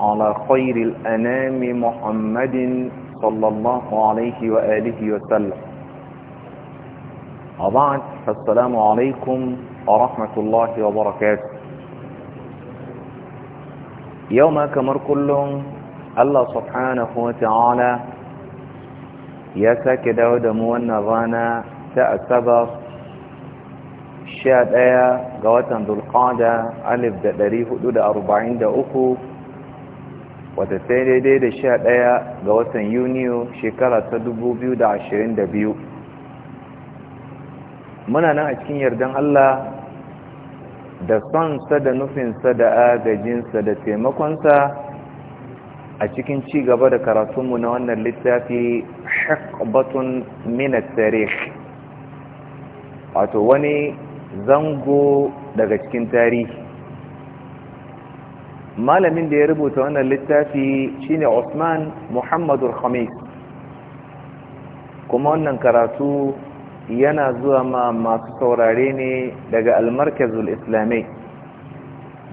على خير الأنام محمد صلى الله عليه وآله وسلم وبعد فالسلام عليكم ورحمة الله وبركاته يوم كمر كلهم الله سبحانه وتعالى يا ساك داود موانا غانا تأسبا شاد آية قواتا ذو القعدة ألف دريه دود أربعين دا أخو wata sai daidai da sha ɗaya ga watan yuniyo shekara ta da ashirin biyu. muna nan a cikin yardan Allah da sonsa da nufinsa da agajinsa da taimakonsa a cikin ci gaba da karatunmu na wannan littafi shakbatun minattarih wato wani zango daga cikin tarihi malamin da ya rubuta wannan littafi shine Usman Muhammadu Khamis kuma wannan karatu yana zuwa ma masu saurare ne daga almarkazul islami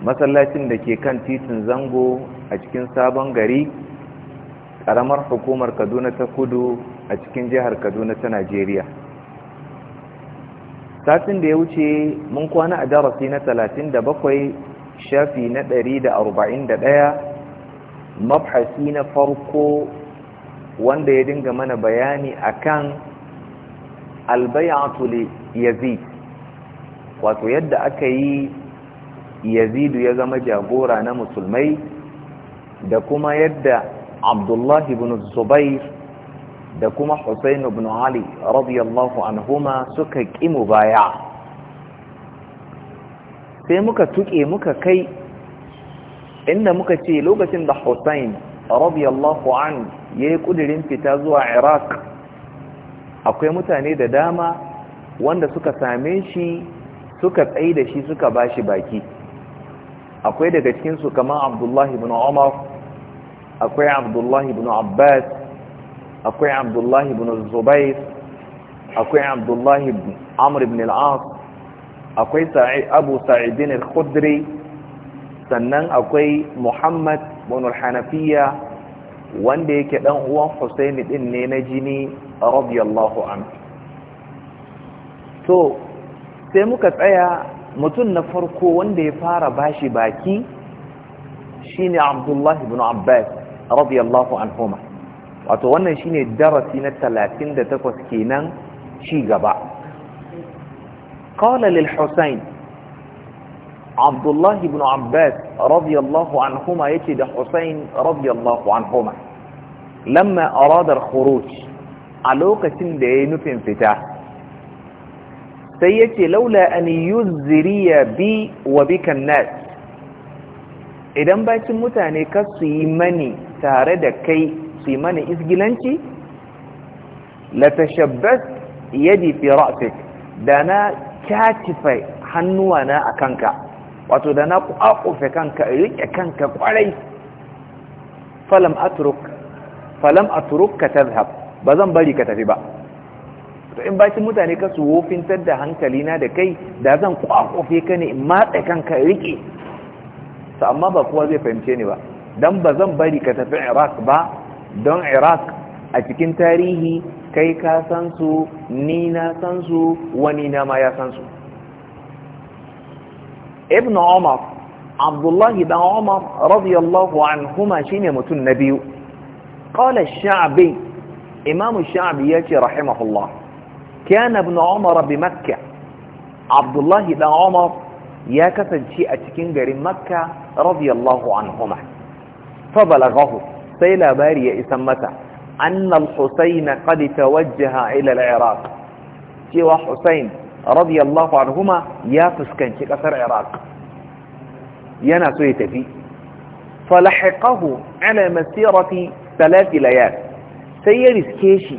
masallacin da ke kan titin zango a cikin sabon gari karamar hukumar kaduna ta kudu a cikin jihar kaduna ta najeriya satin da ya wuce mun kwana a darasi na talatin da bakwai. shafi na ɗari da arba'in da ɗaya mabhasi na farko wanda ya dinga mana bayani akan albayatu yazid wato yadda aka yi yazidu ya zama jagora na musulmai da kuma yadda abdullahi ibn zubair da kuma husain ibn ali radiyallahu anhuma suka kimu baya. sai muka tuke muka kai inda muka ce lokacin da Hussein radiyallahu an yi kudirin fita zuwa Iraq akwai mutane da dama wanda suka same shi suka tsaye da shi suka bashi baki akwai daga cikin su kamar Abdullahi ibn Umar akwai Abdullahi ibn Abbas akwai Abdullahi ibn Zubair akwai Abdullahi ibn Amr ibn al-As akwai abu sa'idin al-khudri sannan akwai muhammad bin hanafiya wanda yake dan uwan husaini din ne na jini radiyallahu anhu to sai muka tsaya mutum na farko wanda ya fara bashi baki shine abdullahi bin abbas radiyallahu anhuma wato wannan shine darasi na 38 kenan ci gaba قال للحسين عبد الله بن عباس رضي الله عنهما يجد حسين رضي الله عنهما لما أراد الخروج علوك سندين في انفتاح سيتي لولا أن يزري بي وبك الناس إذا bacin mutane ka su yi mani tare لتشبث يدي في رأسك دانا kyakife hannuwa na a kanka wato da na kwakufe kanka rike kanka kwarai falam a turuk ka tazhab ba zan bari ka tafi ba to in bacin mutane ka su wofintar da hankalina da kai da zan kwakufe ka ne in matsa kanka rike to amma ba kowa zai fahimce ni ba don ba zan bari ka tafi iraq ba don iraq a cikin tarihi kai ka san su ni na san su wani na ma ya san su ibn umar abdullahi dan umar radiyallahu anhuma shine mutum na biyu qala ash-sha'bi imam ash-sha'bi yace rahimahullah kana ibn umar bi makkah abdullahi dan umar ya kasance a cikin garin makka radiyallahu anhuma fa balaghahu sai labari ya isan mata أن الحسين قد توجه إلى العراق سوى حسين رضي الله عنهما يا فسكن كثر عراق ينا سيتفي فلحقه على مسيرة ثلاث ليال سيرس كيشي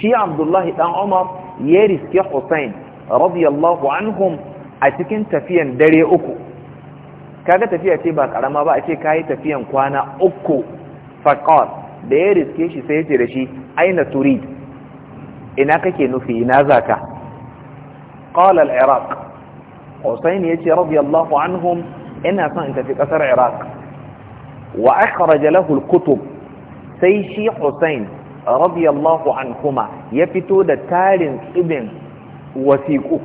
شي عبد الله بن عمر يرس كي حسين رضي الله عنهم أتكن تفيا دري أكو كاكا تفيا تيبا كرما بقى تي كاي تفيا كوانا أكو فقال da ya riske shi sai ya ce da shi aina turid ina kake nufi ina zaka qala al-iraq husayn yace Allahu anhum ina son in tafi ƙasar iraq wa akhraj lahu al-kutub sai shi husayn radiyallahu anhuma ya fito da tarin tsibin wasiƙu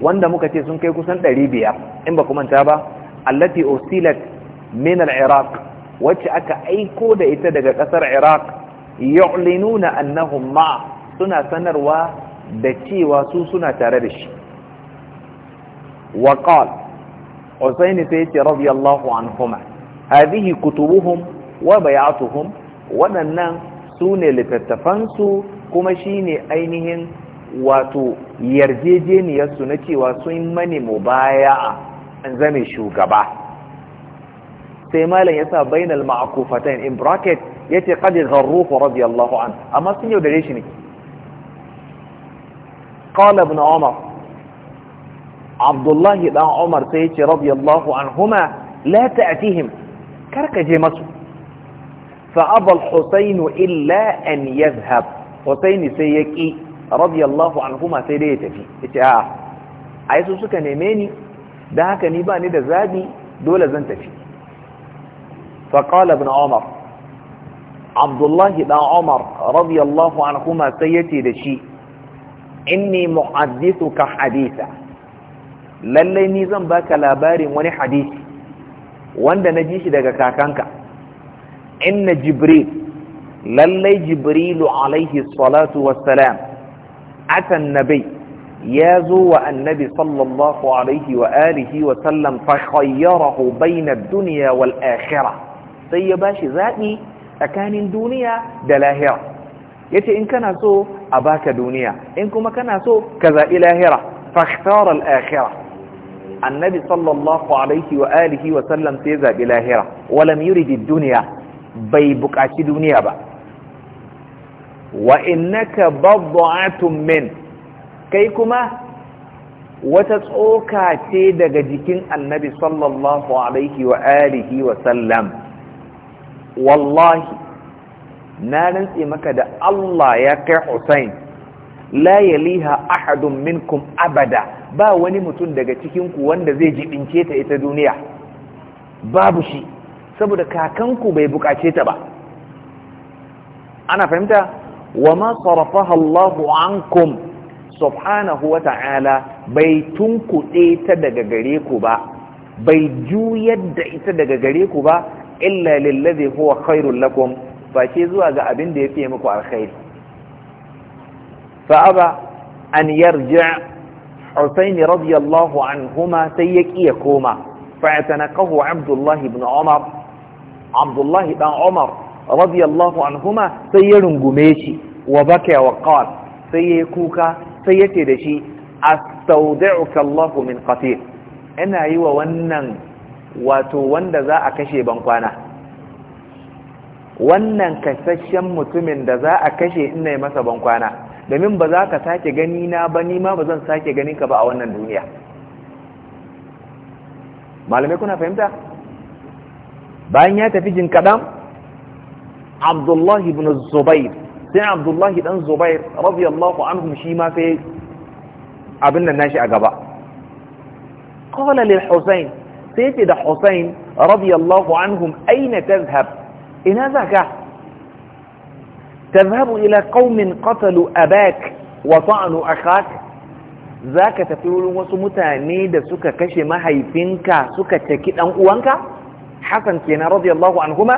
wanda muka ce sun kai kusan 500 in ba ku manta ba allati ursilat min al-iraq wacce aka aiko da ita daga ƙasar iraq yu'linuna annahum ma suna sanarwa da cewa su suna tare da shi wa qal husaini sai ce radiyallahu anhuma hadhihi kutubuhum wa bay'atuhum waɗannan sune littattafansu kuma shine ainihin wato yarjejeniyarsu na cewa sun mani mubaya'a an zame shugaba sai malam yasa bainal ma'kufatayn in bracket yace qad gharruf radiyallahu an amma sun yaudare shi ne qala ibn umar Abdullahi dan umar sai yace radiyallahu anhuma la ta'tihim karka je masu fa abal husayn illa an yadhhab husayn sai yaki radiyallahu huma sai dai ya tafi yace a ai su suka neme ni dan haka ni ba ni da zabi dole zan tafi فقال ابن عمر عبد الله بن عمر رضي الله عنهما سيتي دشي إني محدثك حديثا للي نظام باك لا باري وني حديث وانا نجيش داك كاكانك إن جبريل للي جبريل عليه الصلاة والسلام أتى النبي يازو النبي صلى الله عليه وآله وسلم فخيره بين الدنيا والآخره sai ya bashi zaɓi tsakanin duniya da lahira Ya ce in kana so a baka duniya in kuma kana so ka zaɓi lahira fakhtar al'akira. annabi sallallahu alaihi wa alihi wa sallam sai zaɓi lahira Wala yurid duniya bai buƙaci duniya ba wa innaka bad'atun min kai kuma wata tsoka ce daga jikin annabi sallallahu alaihi wa alihi wa sallam wallahi na rantse maka da Allah ya kai Hussein la yaliha ahadun minkum abada ba wani mutum daga cikin ku wanda zai jibince ta ita duniya babu shi saboda kakanku bai bukace ta ba ana fahimta wa ma sarafaha Allahu ankum subhanahu wa ta'ala bai tunkuɗe ta daga gare ku ba bai juyar da ita daga gare ku ba illa lillazi huwa khairul lakum fa shi zuwa ga abin da yafi muku alkhairi fa aba an yarji' Husayn radiyallahu anhuma sai yaki ya koma fa yatanaqahu Abdullah ibn Umar Abdullah ibn Umar radiyallahu anhuma sai ya rungume shi wa baka wa qal sai ya kuka sai yace da shi astaudi'uka Allah min qatil ina yi wa wannan wato wanda za a kashe bankwana wannan kasashen mutumin da za a kashe ina yi masa bankwana, domin ba za ka sake gani na ba nima ba zan sake gani ka ba a wannan duniya malamai kuna fahimta bayan ya tafi jin kaɗan abdullahi ibn zubair sai abdullahi dan zubair radiyallahu anhum shi ma sai abin nan nashi a gaba qala lil سيد حسين رضي الله عنهم أين تذهب إن هذاك تذهب إلى قوم قتلوا أباك وطعنوا أخاك ذاك تفيرون وسمتاني دا سكا كشي مهيفينك سكا تكيد أنقوانك حسن كينا رضي الله عنهما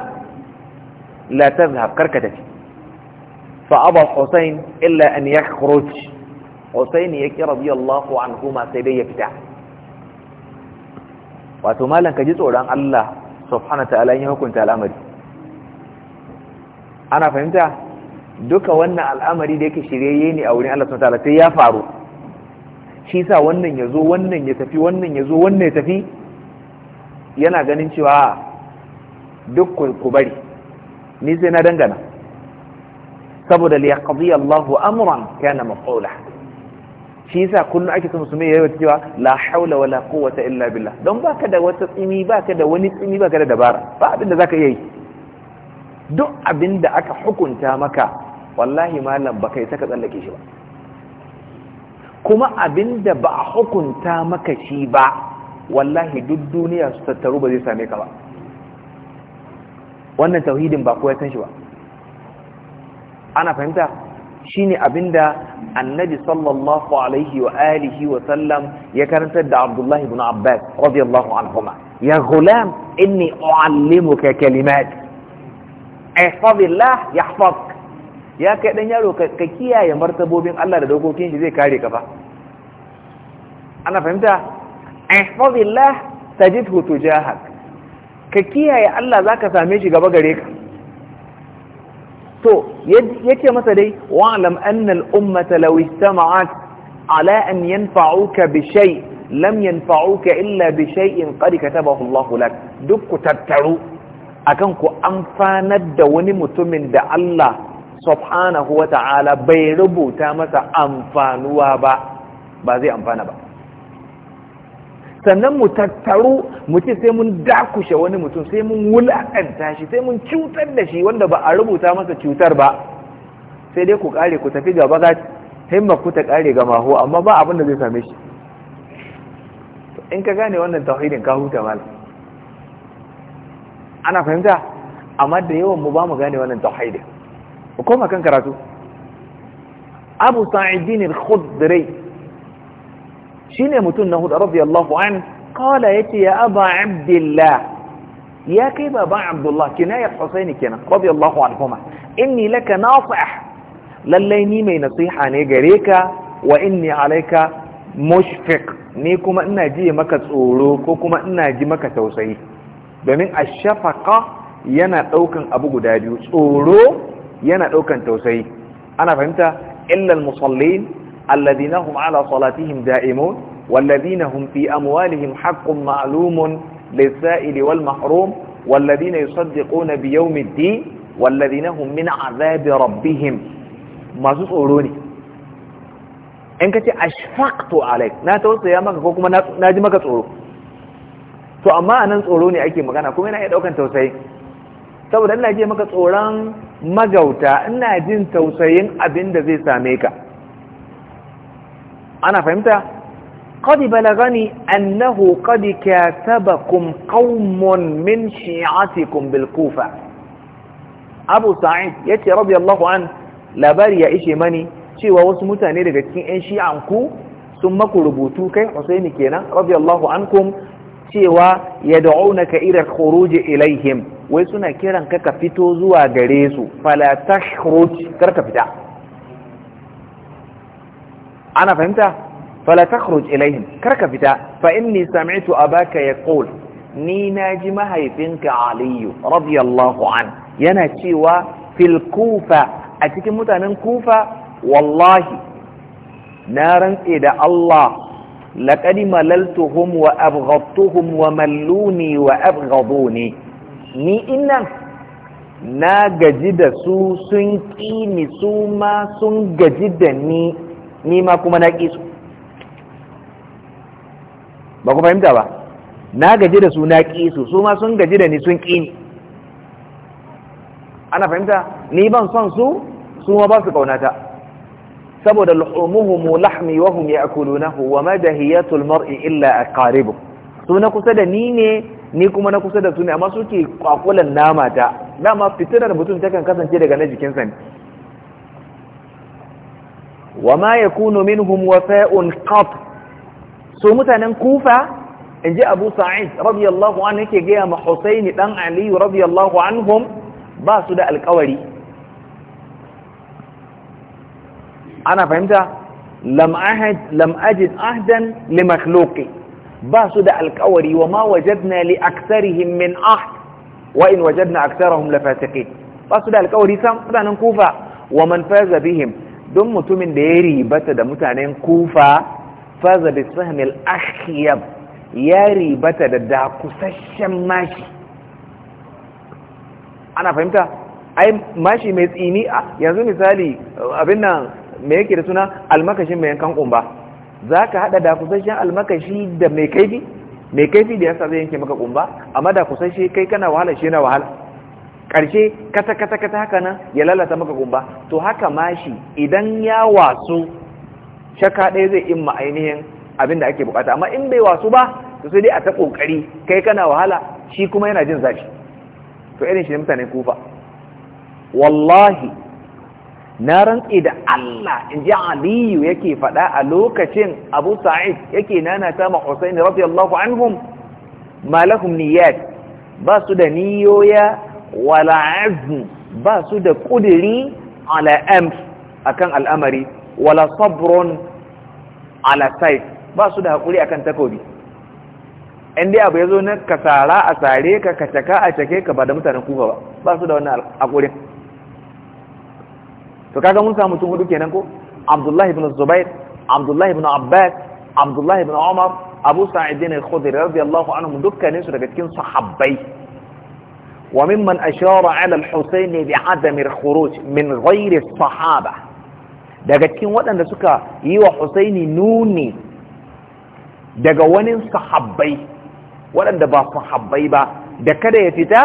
لا تذهب كركتك فأبى الحسين إلا أن يخرج حسين يكي رضي الله عنهما سيدي يفتح wato malam ka ji tsoron Allah subhanahu ta'ala ya hukunta al'amari ana fahimta duka wannan al'amari da yake shiryayye ne a wurin Allah subhanahu ta'ala sai ya faru shi sa wannan ya wannan ya tafi wannan ya wannan ya tafi yana ganin cewa ah, duk ku bari ni sai na dangana saboda liyaqdi Allahu amran kana maf'ula shi yasa kullum ake son musulmi yayi cewa la haula wala quwwata illa billah don baka da wata tsimi baka da wani tsimi baka da dabara ba abinda zaka iya yi duk abinda aka hukunta maka wallahi malam baka isa ka tsallake shi ba kuma abinda ba a hukunta maka shi ba wallahi duk duniya su tattaru ba zai same ka ba wannan tauhidin ba kowa san shi ba ana fahimta ne abinda annabi sallallahu alaihi wa alihi wa sallam ya karantar da abdullahi ibn abbas radiyallahu anhuma ya gulam inni uallimuka kalimat ihfazillah eh, yahfazk ya kai dan yaro ka kiyaye martabobin Allah da dokokin shi zai kare ka fa ana fahimta ihfazillah eh, tajidhu tujahak ka kiyaye Allah zaka same shi gaba gare ka to yake masa dai wa'lam anna al-ummata law istama'at ala an yanfa'uka bi shay lam yanfa'uka illa bi shay'in qad katabahu Allahu lak duk ku tattaru akan ku amfanar da wani mutumin da Allah subhanahu wa ta'ala bai rubuta masa amfanuwa ba ba zai amfana ba sannan mu tattaru mu ce sai mun dakushe wani mutum sai mun wulaƙanta shi sai mun cutar da shi wanda ba a rubuta masa cutar ba sai dai ku kare ku tafi gaba ga himma ku ta kare ga maho amma ba abin da zai same shi in ka gane wannan tauhidin ka huta mal ana fahimta amma da yawan mu ba mu gane wannan tauhidin ku koma kan karatu abu sa'idin al-khudri shine mutum na hudu radiyallahu an qala yati ya aba abdullah ya kai baba abdullah kinayat husaini kenan radiyallahu anhuma inni laka nasih lallai ni mai nasiha ne gare ka wa inni alayka mushfiq ni kuma ina ji maka tsoro ko kuma ina ji maka tausayi domin ash yana daukan abu guda biyu tsoro yana daukan tausayi ana fahimta illa al-musallin الذين هم على صلاتهم دائمون والذين هم في أموالهم حق معلوم للسائل والمحروم والذين يصدقون بيوم الدين والذين هم من عذاب ربهم ما تسألوني إنك أشفقت عليك لا توصي يا مكفوك ما ناجي مكة تسألو تو أما أنا تسألوني أيكي مكانا كمين أيضا كان توصي تو لأن ناجي مكة تسألان مجوتا ناجي توصيين أبين دزي ساميكا أنا فهمت قد بلغني أنه قد كاتبكم قوم من شيعتكم بالكوفة أبو سعيد يتي رضي الله عنه لباري يأشي مني شيء واسمتاني لكي أنشي عنكو ثم كربوتوك حسين كينا رضي الله عنكم شيء يدعونك إلى الخروج إليهم ويسونا كيرا ككفتو زوا قريسو فلا تشخرج كركفتا ana fahimta fala takhruj Kar karka fita fa inni sami'tu abaka yaqul ni naji mahaifinka aliyu radiyallahu an yana cewa fil kufa a cikin mutanen kufa wallahi na rantse da Allah laqad malaltuhum wa abghadtuhum wa malluni wa abghaduni ni ina? na gaji da su sun ƙi ni su ma sun gaji da ni ni ma kuma na ƙi su ba ku fahimta ba na gaji da su na ƙi su su ma sun gaji da ni sun ƙi ni ana fahimta ni ban son su su ma ba su kaunata saboda mu lahmi wa hum ya'kulunahu wa madahiyatul mar'i illa aqaribu su na kusa da ni ne ni kuma na kusa da su ne amma suke kwakulan nama ta dama fitirar mutum ta kan kasance daga na jikinsa ne wa ma yakunu minhum wafa'un qat so mutanen kufa inji abu sa'id radiyallahu anhu yake gaya ma husaini dan ali radiyallahu anhum ba su da alƙawari ana fahimta lam ahad lam ajid ahdan li makhluqi ba su da alƙawari wa ma wajadna li aktharihim min ahd wa in wajadna aktharahum la fasiqin ba su da alƙawari sam mutanen kufa wa man faza bihim don mutumin da ya ribata da mutanen kufa faza bi sahmil akhyab ya ribata da dakusasshen mashi ana fahimta ai mashi mai tsini yanzu misali abin nan me yake da suna almakashin mai yankan kumba zaka haɗa dakusasshen almakashi da mai kaifi mai kaifi da yasa zai yanke maka kumba amma dakusasshe kai kana wahala shi na wahala Karshe kata kata kata haka nan ya lalata maka gumba to haka mashi idan ya wasu shaka ɗaya zai in ainihin abin da ake bukata amma in bai wasu ba to sai dai a ta kokari kai kana wahala shi kuma yana jin zafi to irin shi ne mutane kufa wallahi na rantse da Allah in ji Aliyu yake faɗa a lokacin Abu Sa'id yake nanata ma Hussein radiyallahu anhum ma lahum niyyat ba su da niyoya wala azm ba su da kudiri ala amr akan al'amari wala sabrun ala ba su da hakuri akan takobi in dai abu yazo na kasara a sare ka kataka a take ka ba da mutanen kufa ba ba su da wannan hakurin to kaga mun samu mutum hudu kenan ko Abdullahi ibn Zubair Abdullahi ibn Abbas Abdullahi ibn Umar Abu Sa'id al-Khudri radiyallahu anhum dukkanin su daga cikin sahabbai وممن أشار على الحسين بعدم الخروج من غير الصحابة daga cikin waɗanda suka yi wa Husaini nuni daga wani sahabbai waɗanda ba sahabbai ba da kada ya fita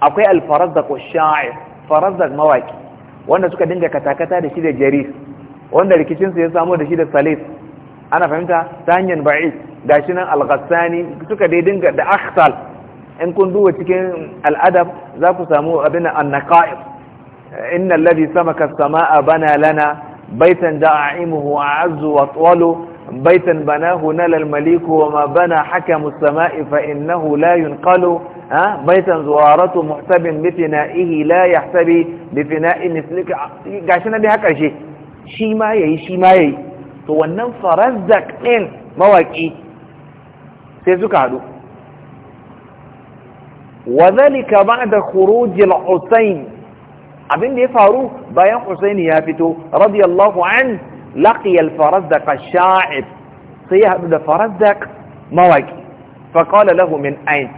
akwai alfarazzaq sha'ir farazzaq mawaki wanda suka dinga katakata da shi da jarir wanda rikicinsu ya samu da shi da salis ana fahimta ta hanyar da shi nan al suka dai dinga da akhtal in kun duba cikin al'adab za ku samu abin annaqa'ib innal ladhi samaka as-samaa bana lana baitan da'imuhu a'azzu wa tawlu baitan banahu nalal maliku wa ma bana hakamu as-samaa'i fa innahu la yunqalu baitan zuwaratu muhtabin bi la yahtabi bi mislika gashi na bi haka karshe shi ma yayi shi ma yayi to wannan farazzaq din mawaki sai suka haɗu وذلك بعد خروج الحسين أبين لي فارو بيان حسين يافتو رضي الله عنه لقي الفرزدق الشاعر سيها بدا فرزق مواكي فقال له من أين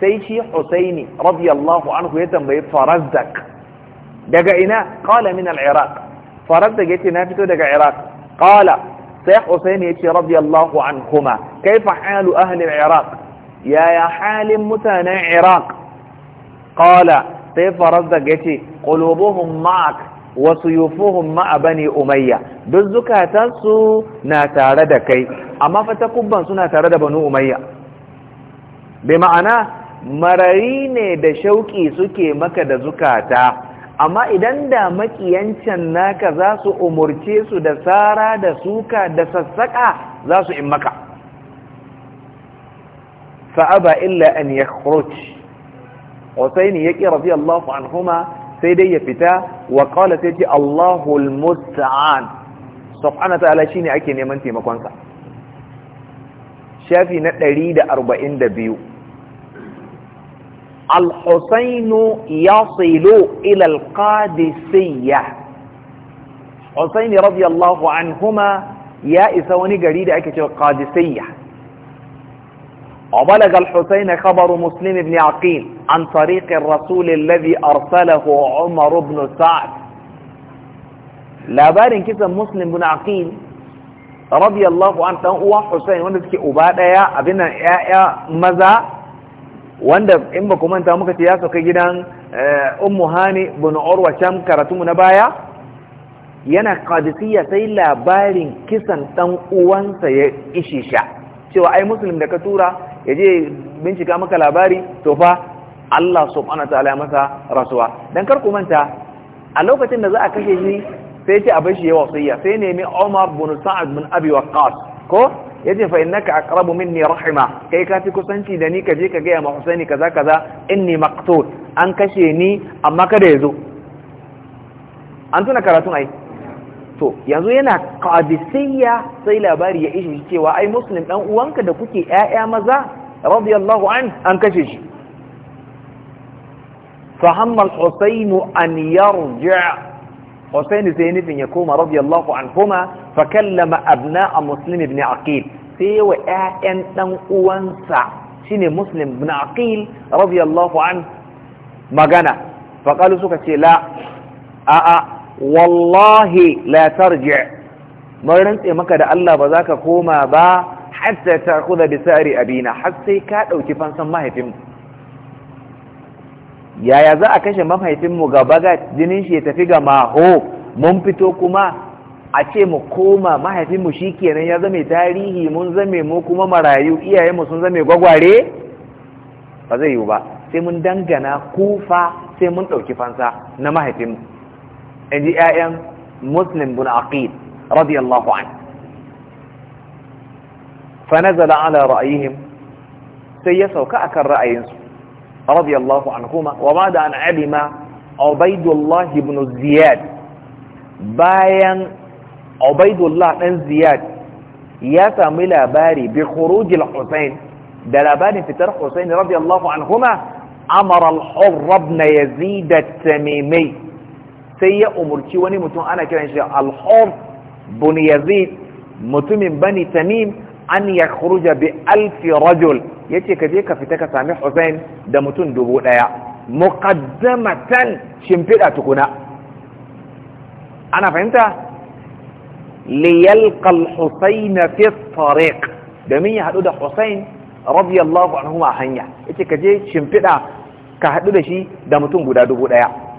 سيشي حسين رضي الله عنه يتم بيب فرزدق دقائنا قال من العراق فرزدق يتي نافتو دقاء عراق قال سيح حسين يتي رضي الله عنهما كيف حال أهل العراق yaya halin mutanen iraq qala sai farazdak yace qulubuhum ma'ak wa suyufuhum ma'a bani umayya duk zukatansu na tare da kai amma fa kubban suna tare da banu umayya bai ma'ana marari ne da shauƙi suke maka da zukata amma idan da makiyancan naka za su umurce su da tsara da suka da sassaƙa za su in maka فأبى إلا أن يخرج حسين يكي رضي الله عنهما سيدي يفتا وقال سيدي الله المستعان سبحانه وتعالى شيني أكي نيمان تيمكوانسا شافي نتريد أربعين دبيو الحسين يصل إلى القادسية حسين رضي الله عنهما يا إسواني قريد أكي القادسية وبلغ الحسين خبر مسلم بن عقيل عن طريق الرسول الذي أرسله عمر بن سعد لا بار كذا مسلم بن عقيل رضي الله عنه هو حسين وانا تكي أبادا يا أبنا يا يا مذا وانا إما كمان تامك تياسو كي جدا آه، أم هاني بن عروة شام كرتم نبايا ينا قادسية سيلا بارين كسا تنقوان سيشيشا شو أي مسلم دكتورة ya je bincika maka labari to fa Allah subhanahu ta'ala masa rasuwa dan kar ku manta a lokacin da za a kashe shi sai ce bar shi ya wasiya sai nemi Umar bin Sa'ad bin Abi Waqqas ko yace fa innaka aqrabu minni rahima kai ka fi kusanci da ni ka je ka ga ya Husaini kaza kaza inni maqtul an kashe ni amma kada yazo an tuna karatun ai to yanzu yana qadisiyya sai labari ya ishe shi cewa ai muslim dan uwanka da kuke ƴaƴa maza radiyallahu an an kashe shi fa hamma al-husayn an yarji' husayn sai nufin ya koma radiyallahu kuma fa kallama abna'a muslim ibn aqil sai wa ƴaƴan dan uwansa shine muslim ibn aqil radiyallahu an magana fa qalu suka ce la a'a wallahi la tarji' mun rantse maka da Allah ba za ka koma ba hatta ta'khudha bi sari abina har sai ka dauki fansan mahaifin yaya za a kashe mahaifin mu ga baga jinin shi ya tafi ga maho mun fito kuma a ce mu koma mahaifin mu shikenan ya zame tarihi mun zame mu kuma marayu iyayen mu sun zame gwagware ba zai yiwu ba sai mun dangana kufa sai mun dauki fansa na mahaifin mu ادي ايام مسلم بن عقيل رضي الله عنه فنزل على رأيهم سيسوا كاك الرأي رضي الله عنهما وبعد أن علم عبيد الله بن الزياد باين عبيد الله بن الزياد يسام إلى باري بخروج الحسين في فتر حسين رضي الله عنهما أمر الحر بن يزيد التميمي sai ya umurci wani mutum ana kiran shi al-hum yazid mutumin bani tamim an ya bi alfi rajul yace ka je ka fita ka sami Hussein da mutum dubu daya muqaddamatan shimfiɗa tukuna ana fahimta liyalqa al-Husayn fi tariq domin ya hadu da Hussein radiyallahu anhu a hanya ce ka je shimfiɗa ka hadu da shi da mutum guda dubu daya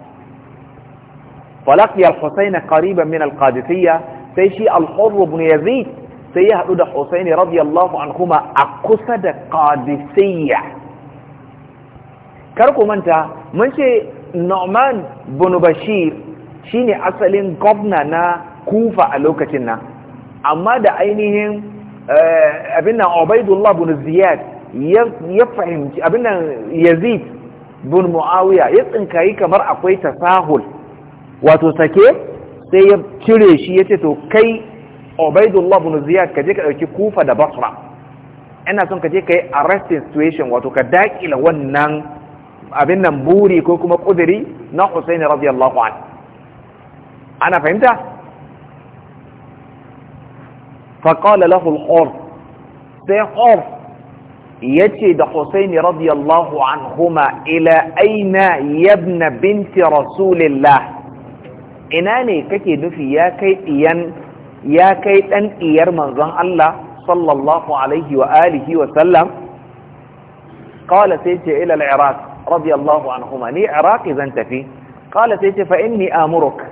falaqiya al-husayn qariban min al-qadisiyya sai shi al-hurr ibn yazid sai ya hadu da husayn radiyallahu anhuma a kusa da qadisiyya kar ku manta mun ce nu'man ibn bashir shine asalin gwamna na kufa a lokacin nan amma da ainihin abin nan ubaidullah ziyad ya fahimci abin yazid bin muawiya ya tsinkayi kamar akwai tasahul wato sake sai ya cire shi ya ce to kai ubaidullah ibn ziyad ka je ka dauki kufa da basra ina son ka je ka yi arresting situation wato ka dakila wannan abin nan buri ko kuma kudiri na husaini radiyallahu anhu ana fahimta faƙala lahul hor sai hor ya ce da husaini radiyallahu anhuma ila aina yabna binti rasulillah ina ne kake nufi ya kai ɗiyan ya kai ɗan ɗiyar manzon Allah sallallahu alaihi wa alihi wa sallam qala sai ce ila al-iraq radiyallahu anhuma ni iraqi zan tafi qala sai ce fa inni amuruk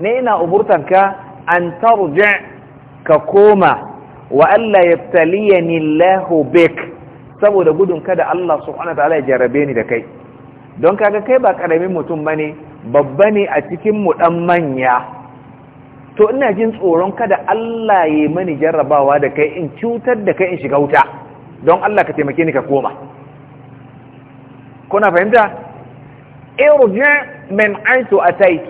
ne ina umurtanka an tarji ka koma wa alla yabtaliyani Allah bik saboda gudun kada Allah subhanahu wa ta'ala ya jarabe ni da kai don kaga kai ba karamin mutum bane babba ne a cikin mu dan manya to ina jin tsoron kada Allah ya mani jarrabawa da kai in cutar da kai in shiga wuta don Allah ka taimake ni ka koma kuna fahimta irji min aitu atai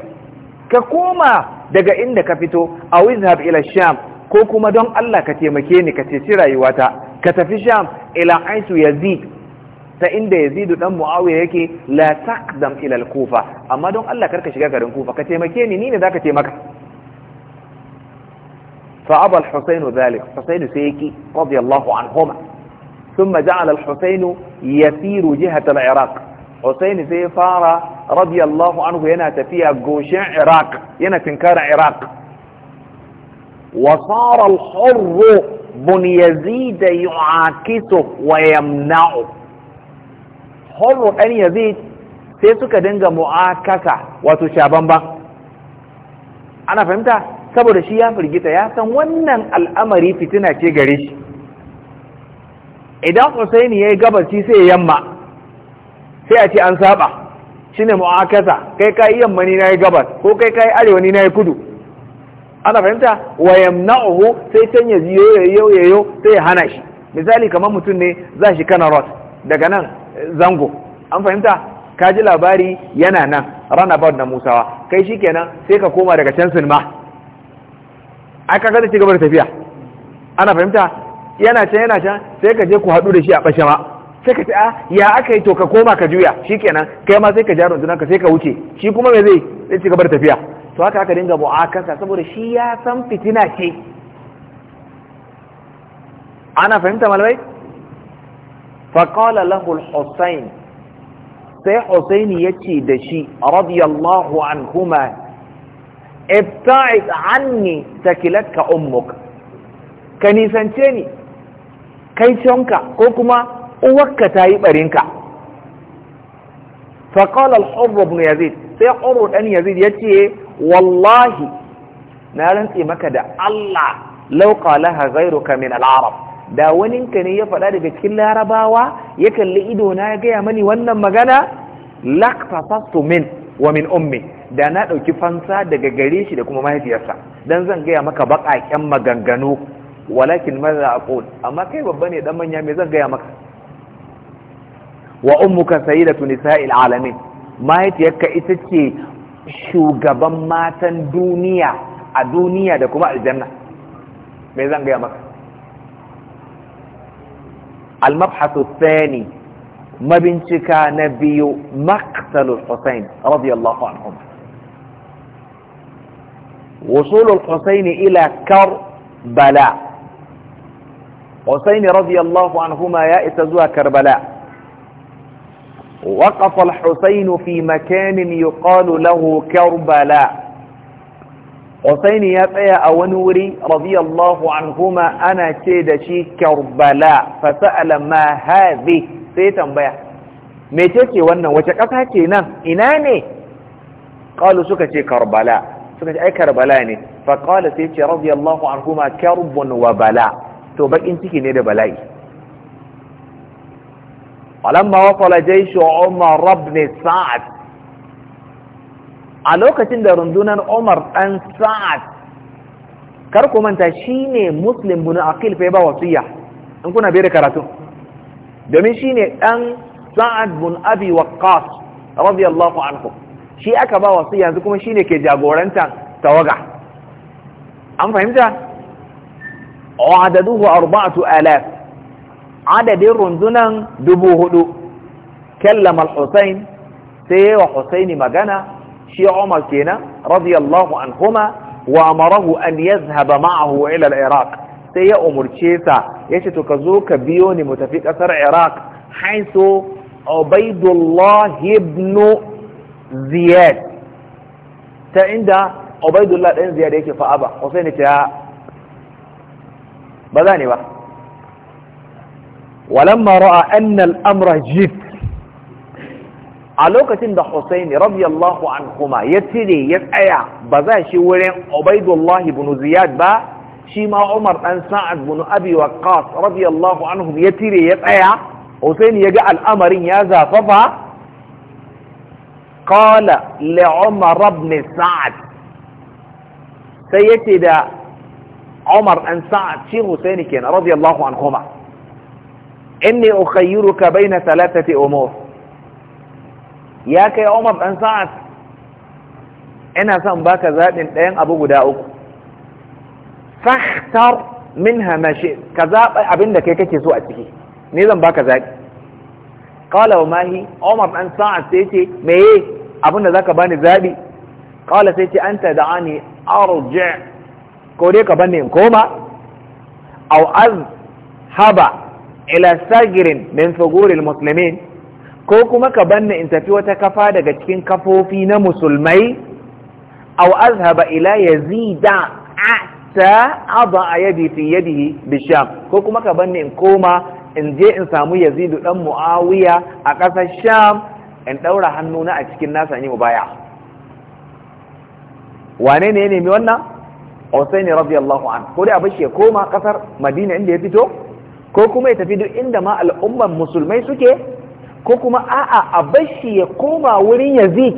ka koma daga inda ka fito a wizhab ila sham ko kuma don Allah ka taimake ni ka ceci rayuwata ka tafi sham ila aitu yazid ta inda yazidu dan muawiya yake la taqdam ila al-kufa amma don Allah karka shiga garin kufa ka taimake ni ni ne zaka taimaka fa abal husayn dhalik husayn sayki radiyallahu anhuma thumma ja'ala al-husayn yasiru jihata al-iraq husayn sai fara radiyallahu anhu yana tafiya goshin iraq yana tinkara iraq wa sara al-hurr bun yazid yu'akisu wa yamna'u hormone ɗan yazid sai suka dinga mu'akasa wato shabamban ana fahimta saboda shi ya firgita ya san wannan al'amari fitina ce gare shi idan husaini ya yi gabaci sai yamma sai a ce an saba shine mu'akasa kai ka yi yamma ni na yi gabas ko kai ka yi arewa ni na yi kudu ana fahimta wa yamna'uhu sai can ya yayo yayo sai ya hana shi misali kamar mutum ne za shi kana rot daga nan zango an fahimta ka ji labari yana nan runabout na musawa kai shi kenan sai ka koma daga can sinima ai ka kada ci gaba da tafiya ana fahimta yana can yana can sai ka je ku haɗu da shi a ɓashe ma sai ka ce a ah, ya aka yi to ka koma ka juya shi kenan kai ma sai ka ja ka sai ka wuce shi kuma me zai zai ci gaba da tafiya to haka aka dinga mu'akasa saboda shi ya san fitina ce ana fahimta malamai faƙala lahul hussein sai hussein ya ce da shi radiyallahu an kuma ibta'id anni takilatka ummuk ka nisance ni kai canka ko kuma uwarka ta yi barinka faƙala al'urru ibn yazid sai urru ɗan yazid ya ce wallahi na rantse maka da allah lauƙa laha gairuka min al'arab da waninka ne ya faɗa daga cikin larabawa ya kalli ido na ya gaya mani wannan magana lakfasastu min wa min ummi da na ɗauki fansa daga gare shi da kuma mahaifiyarsa don zan gaya maka baƙaƙen maganganu walakin maza a ƙon amma kai babba ne ɗan manya mai zan gaya maka wa ummuka tuni, Sa'il alamin mahaifiyarka ita ce shugaban matan duniya a duniya da kuma aljanna mai zan gaya maka المبحث الثاني ما بنتك نبي مقتل الحسين رضي الله عنهما وصول الحسين إلى كربلاء حسين رضي الله عنهما يائس زوى كربلاء وقف الحسين في مكان يقال له كربلاء Husaini ya tsaya a wani wuri radiyallahu anhuma ana ce da shi Karbala fa sa'ala ma hadhi sai tambaya me ce wannan wace kasa ce nan ina ne qalu suka ce Karbala suka ce ai Karbala ne fa qala sai ce radiyallahu anhuma karbun wa bala to bakin ciki ne da bala'i falamma wasala jayshu Umar ibn Sa'd a lokacin da rundunar Umar ɗan Sa'ad kar ku manta shine Muslim bin Aqil fa ba wasiya in kuna bai da karatu domin shine ɗan Sa'ad bin Abi Waqqas radiyallahu anhu shi aka ba wasiya yanzu kuma shine ke jagoranta tawaga an fahimta wa'adaduhu arba'atu alaf adadin rundunan dubu hudu kallama al-Husayn sai wa Husaini magana شيء عمر كينا رضي الله عنهما وامره ان يذهب معه الى العراق سي امر كيسا يشتو تكزوك بيوني متفق اثر عراق حيث عبيد الله ابن زياد تعند عبيد الله ابن زياد يكي فأبا وفين تيا بذاني با ولما رأى ان الامر جث a lokacin da Husaini radiyallahu anhuma ya cire ya tsaya ba za shi wurin Ubaidullah ibn Ziyad ba shi ma Umar dan Sa'ad ibn Abi Waqqas radiyallahu anhu ya tire ya tsaya Husaini ya ga al'amarin ya zafafa qala li Umar ibn Sa'ad sai yace da Umar dan Sa'ad shi Husaini kenan radiyallahu anhuma inni ukhayyiruka bayna thalathati umur ya kai Umar dan Sa'ad ina son baka zaɓin ɗayan abu guda uku fahtar minha ma shi ka zaɓa abin da kai kake so a ciki ne zan baka zaɓi qala wa mahi Umar dan Sa'ad sai ce meye abin da zaka bani zaɓi qala sai ce anta da'ani arji ko dai ka bani in koma aw az haba ila sagirin min fuguril muslimin ko kuma ka banni in tafi wata kafa daga cikin kafofi na musulmai aw azhaba ila yazida ta aba a yadi fi yadihi ko kuma ka banni in koma in je in samu yazidu dan muawiya a kasar sham in ɗaura hannuna a cikin nasa yi mubaya wane ne ya nemi wannan usaini radiyallahu an ko dai a bashi ya koma ƙasar madina inda ya fito ko kuma ya tafi duk inda ma al'umman musulmai suke ko kuma a'a a bar shi ya koma wurin yazid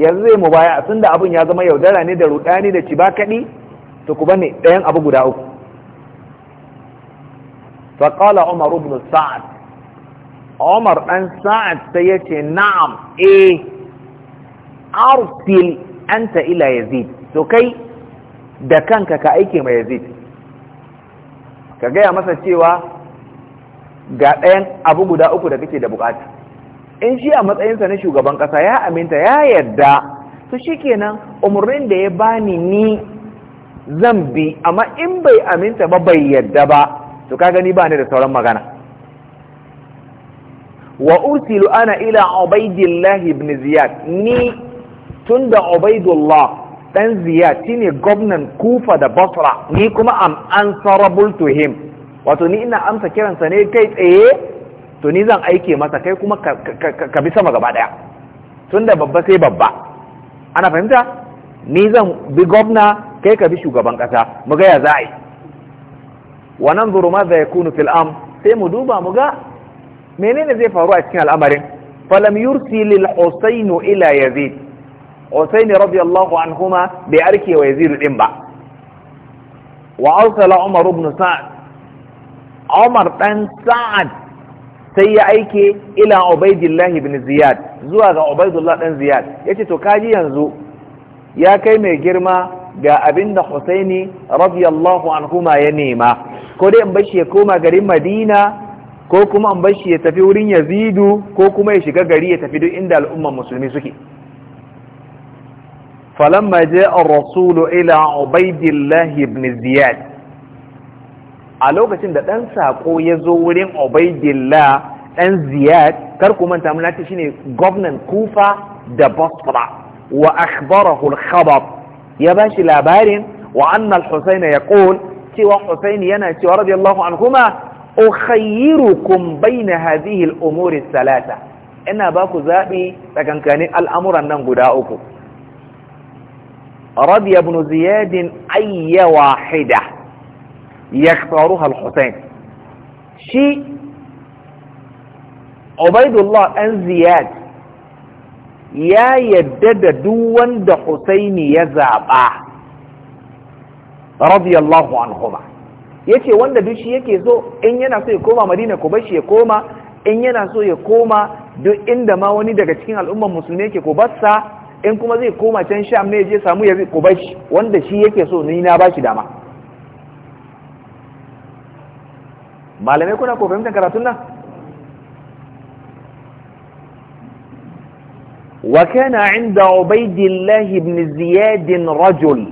yanzu zai mu baya a da abin ya zama yaudara ne da rudani da cibakadi. to kuma ne ɗayan abu guda uku faƙala umar ibn sa'ad umar ɗan sa'ad sai ya ce na'am eh arfil anta ila yazid to kai da kanka ka aike mai yazid ka gaya masa cewa ga ɗayan abu guda uku da kake da bukata in shi a matsayinsa na shugaban ƙasa ya aminta ya yarda su shi kenan umarnin da ya bani ni zan bi amma in bai aminta ba bai yarda ba to ka gani ba ni da sauran magana wa ursilu ana ila ubaidillah ibn ziyad ni tunda ubaidullah dan ziyad shine gwamnan kufa da basra ni kuma am ansarabul to him wato ni ina amsa kiransa ne kai tsaye to ni zan aike masa kai kuma ka bi sama gaba daya tun da babba sai babba ana fahimta ni zan bi gwamna kai ka bi shugaban kasa mu ga ya za a yi Wannan nan zuru ma zai kunu fil sai mu duba mu ga menene zai faru a cikin al'amarin falam yursil al husainu ila yazid husaini radiyallahu anhuma bai arke wa yazid din ba wa arsala umar ibn sa'd Umar ɗan Sa'ad sai ya aike ila Ubaidillah ibn Ziyad zuwa ga Ubaidullah dan Ziyad yace to kaji yanzu ya kai mai girma ga abinda Husaini radiyallahu anhuma ya nema ko dai in bashi ya koma garin Madina ko kuma in bashi ya tafi wurin Yazidu ko kuma ya shiga gari ya tafi duk inda al'umma musulmi suke falamma ja'a ar-rasul ila Ubaidillah ibn Ziyad a lokacin da ɗan saƙo ya zo wurin Ubaidillah ɗan Ziyad kar ku manta mun shine gwamnan Kufa da Basra wa akhbarahu al-khabar ya bashi labarin wa anna al-Husayn yaqul cewa Husayn yana cewa radiyallahu anhuma ukhayyirukum bayna hadhihi al-umuri ath-thalatha ina ba ku zabi tsakankanin al'amuran nan guda uku رضي ابن زياد أي واحدة يختارها الحسين شي عبيد الله أن زياد يا يدد دوان دا حسين يزعبا رضي الله عنهما yace wanda duk shi yake so in yana so ya koma madina ku bar shi ya koma in yana so ya koma duk inda ma wani daga cikin al'ummar musulmi yake ku barsa in kuma zai koma can sham ne ya je samu ya ku bar shi wanda shi yake so ni na ba shi dama malamai kuna ko fahimtar karatun nan wa kana inda ubaidillah ibn ziyad rajul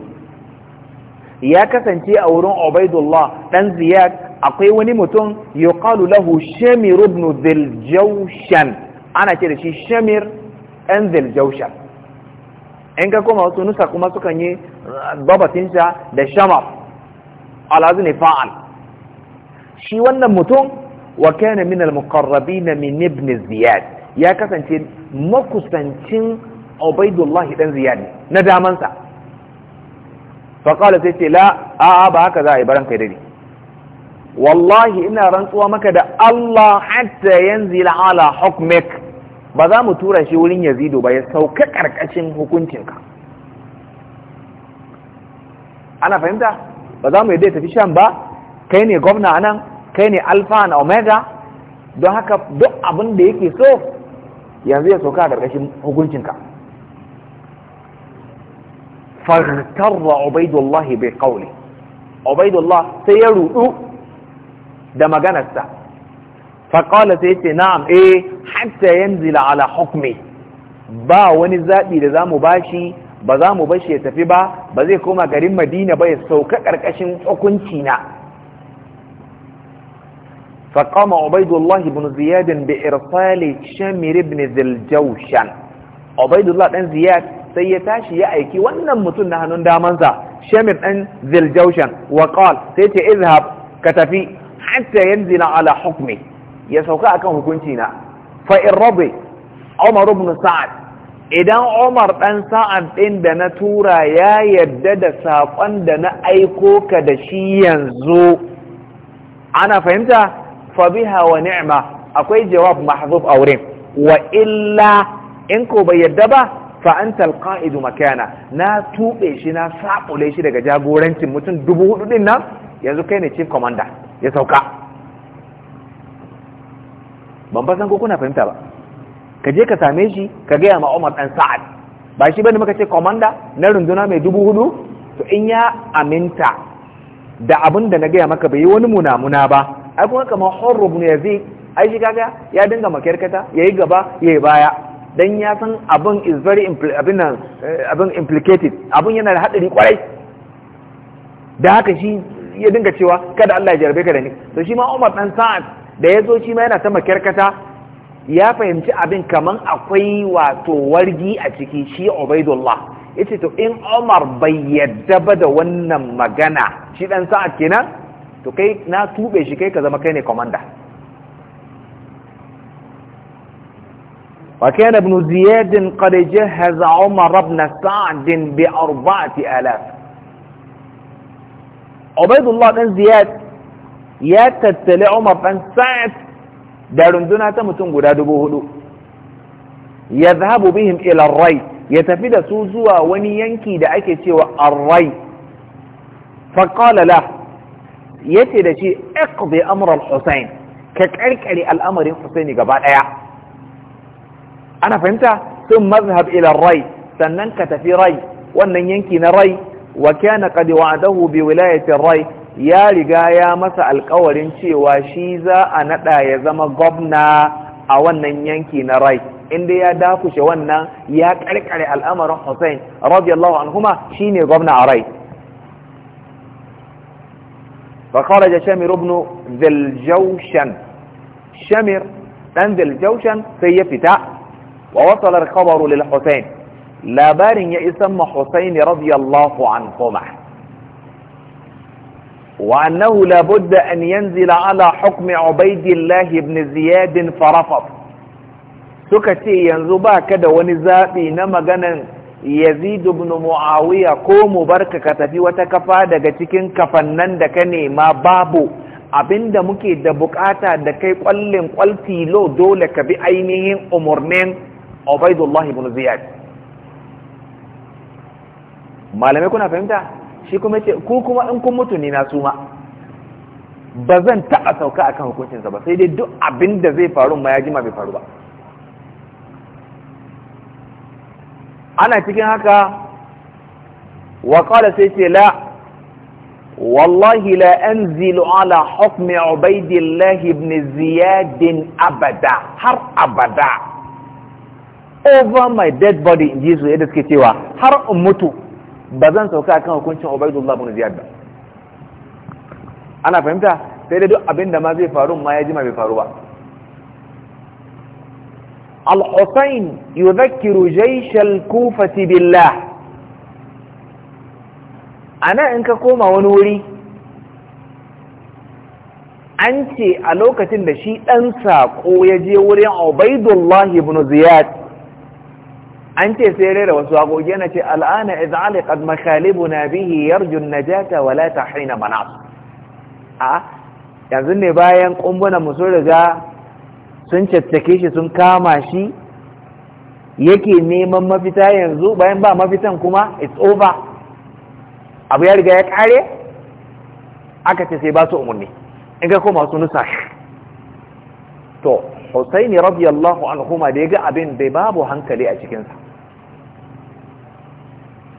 ya kasance a wurin ubaidullah dan ziyad akwai wani mutum yuqalu lahu shamir ibn dhiljawshan ana ce da shi shamir dan dhiljawshan in ka koma wasu nusa kuma sukan yi babatinsa da shamar alazu ne fa'al shi wannan mutum wa kana min al-muqarrabin min ibn ziyad ya kasance makusancin ubaidullahi dan ziyad na damansa fa qala sai ce la a ba haka za a yi baran kai dare wallahi ina rantsuwa maka da Allah hatta yanzila ala hukmik ba za mu tura shi wurin yazido ba ya sauka karkashin hukuncinka ana fahimta ba za mu yadda tafi shan ba kai ne gwamna nan kai ne alfa na omega don haka duk abin da yake so yanzu ya soka a ƙarƙashin hukuncinka fartarra ubaidullahi bai kauli ubaidullah sai ya rudu da maganarsa faƙala sai ce na'am eh hatta yanzila ala hukmi ba wani zaɓi da za mu bashi ba za mu bashi ya tafi ba ba zai koma garin madina ba ya sauka ƙarƙashin hukunci na فقام عبيد الله بن زياد بإرسال شامر بن ذي الجوشن عبيد الله بن زياد سيتاشي يأيكي ونمتن هنون دامنزا شامر بن ذي الجوشن وقال سيتي اذهب كتفي حتى ينزل على حكمه يسوكا أكام هكونتنا فإن رضي عمر بن سعد idan Umar ɗan sa'ad ɗin da na tura ya yadda da saƙon da na aiko ka da shi yanzu ana fahimta fa wa ni'ma akwai jawab mahzuf a wurin wa illa in ko bai yadda ba fa anta alqa'id makana na tube shi na sabule shi daga jagorancin mutum dubu hudu din nan yanzu kai ne chief commander ya sauka ban ba san ko kuna fahimta ba ka je ka same shi ka gaya ma Umar dan Sa'ad ba shi bane muka ce commander na runduna mai dubu hudu to in ya aminta da abin da na gaya maka bai yi wani munamuna ba ai kuma kamar hurr ibn yazid ai shi kaga ya dinga makarkata yayi gaba yayi baya dan ya san abin is very abin eh, abin implicated abin yana da hadari kwarai da haka shi ya dinga cewa kada Allah ya jarabe ka da ni to shi ma Umar dan Sa'ad da ya zo shi ma yana ta makarkata ya fahimci abin kaman akwai wato wargi a ciki shi Ubaidullah yace to in Umar bai yadda ba da wannan magana shi dan Sa'ad kenan to kai na tube shi kai ka zama kai ne commander وكان ابن زياد قد جهز عمر بن سعد بأربعة آلاف عبيد الله بن زياد يا عمر بن سعد دارون دونا تمتون قد هدو يذهب بهم إلى الري يتفيد سوزوا ونينكي دعيك سوى الري فقال له yace da shi iqdi amr al-husayn ka karkare al'amarin husaini gaba daya ana fahimta sun mazhab ila rai sannan ka tafi rai wannan yanki na rai wa kana qad wa'adahu bi wilayati rai ya riga ya masa alkawarin cewa shi za a naɗa ya zama gwamna a wannan yanki na rai inda ya dakushe wannan ya karkare al'amarin Hussein radiyallahu anhuma shine gwamna a rai فخرج شامر بن ذل الجوشن شامر بن ذل الجوشن في فتاء ووصل الخبر للحسين لا بار يسمى حسين رضي الله عنهما وأنه لابد أن ينزل على حكم عبيد الله بن زياد فرفض سكتي ينزبا كدواني زابي نمغنن yazid ibn muawiya ko mu barka ka tafi wata kafa daga cikin kafannan da ka nema babu abinda muke da bukata da kai kwallin kwaltilo dole ka bi ainihin umarnin ubaidullah ibn ziyad malamai kuna fahimta shi kuma ce ku kuma in kun mutu ne na suma ba zan taɓa sauka akan hukuncinsa ba sai dai duk abinda zai faru ma ya jima bai faru ba ana cikin haka wa qala sai ce la wallahi la anzilu ala hukmi ubaidillah ibn ziyadin abada har abada over my dead body in Jesus yadda suke cewa har in mutu ba zan sauka kan hukuncin ubaidullah ibn ziyad ba ana fahimta sai da duk abinda ma zai faru ma ya jima bai faru ba الحسين يذكر جيش الكوفة بالله أنا إنك كوما ونوري أنت ألوكة بشيء أنسى قوية جيوري عبيد الله بن زياد أنت سيرير وسواق جنة الآن إذ علقت مخالبنا به يرجو النجاة ولا تحين مناص أه يعني ذنبا ينقوم بنا مسؤول sun caccake shi sun kama shi yake neman mafita yanzu bayan ba mafitan kuma it's over abu ya riga ya kare aka ce sai ba su umarni in ga koma su nusa to Husaini radiyallahu anhuma da ya ga abin bai babu hankali a cikinsa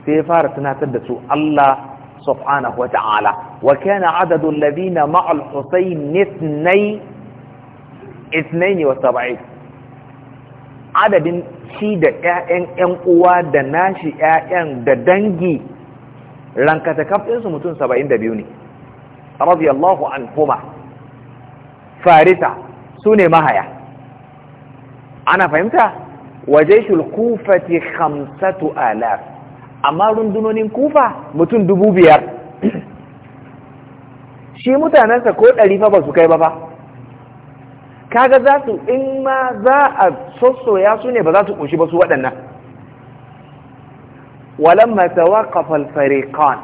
sai ya fara tunatar da su Allah subhanahu wa ta'ala wa kana adadul ladina ma'al Husaini ithnai isnaini wa saba'in adadin shi da ƴaƴan ƴan uwa da nashi ƴaƴan da dangi rankata kafin su mutum biyu ne radiyallahu anhuma farisa sune mahaya ana fahimta waje kufati khamsatu alaf amma rundunonin kufa mutum dubu biyar shi mutanensa ko ɗari fa ba su kai ba kaga za su in ma za a sossoya su ne ba za su kunshi ba su waɗannan walamma tawaqafa al-fariqan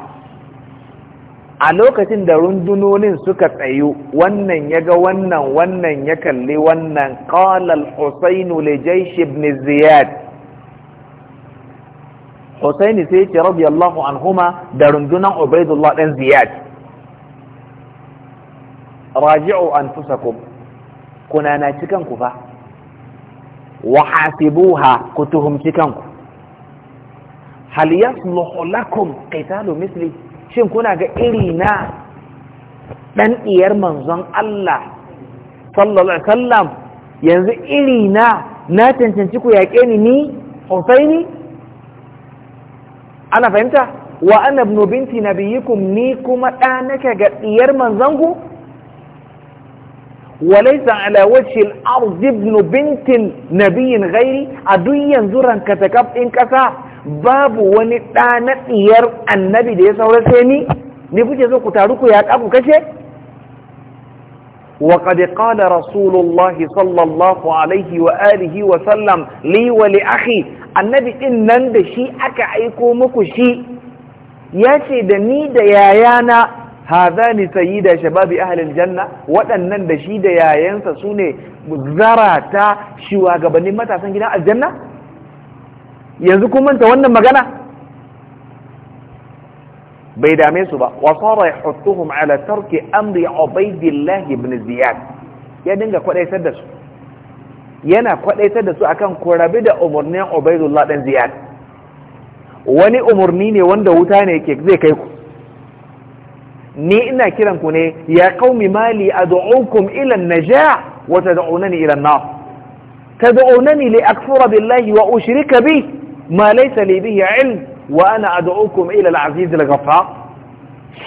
a lokacin da rundunonin suka tsayu wannan ya ga wannan wannan ya kalli wannan qala al-husayn li jaysh ibn ziyad husayn sai ya ce radiyallahu anhuma da rundunan ubaydullah dan Ziyad raji'u anfusakum ku nanaci kanku fa wa hasibuha ku tuhumci kanku hal yasluhu lakum qitalu misli shin kuna ga iri na dan diyar manzon Allah sallallahu alaihi wasallam yanzu iri na na cancanci ku yake ni ni Husaini ana fahimta wa ana ibn binti nabiyikum ni kuma ɗa nake ga diyar manzon ku وليس على وجه الأرض ابن بنت نبي غيري أدوي ينظر أن كتكب إن كسا باب ونطانة ير النبي دي سورة سيني نفوش زوكو تاروكو يا أبو كشي وقد قال رسول الله صلى الله عليه وآله وسلم لي ولأخي النبي إن نندشي أكا أيكو مكشي ياشي دني ديايانا hazani da shababi ahlil janna waɗannan da shi da yayansa su ne zarata shugabannin matasan gidan aljanna yanzu kun manta wannan magana bai dame su ba wa sara yahuttuhum ala tarki amri ubaydillah ibn ziyad ya dinga kwadaitar da su yana kwadaitar da su akan kurabi da umurnin ubaydullah dan ziyad wani umurni ne wanda wuta ne yake zai kai ku ni ina kiran ku ne ya kaumi mali ad'ukum ila an-najah wa tad'unani ila an-nar tad'unani li akfura billahi wa ushrika bi ma laysa li bihi ilm wa ana ad'ukum ila al-aziz al-ghaffar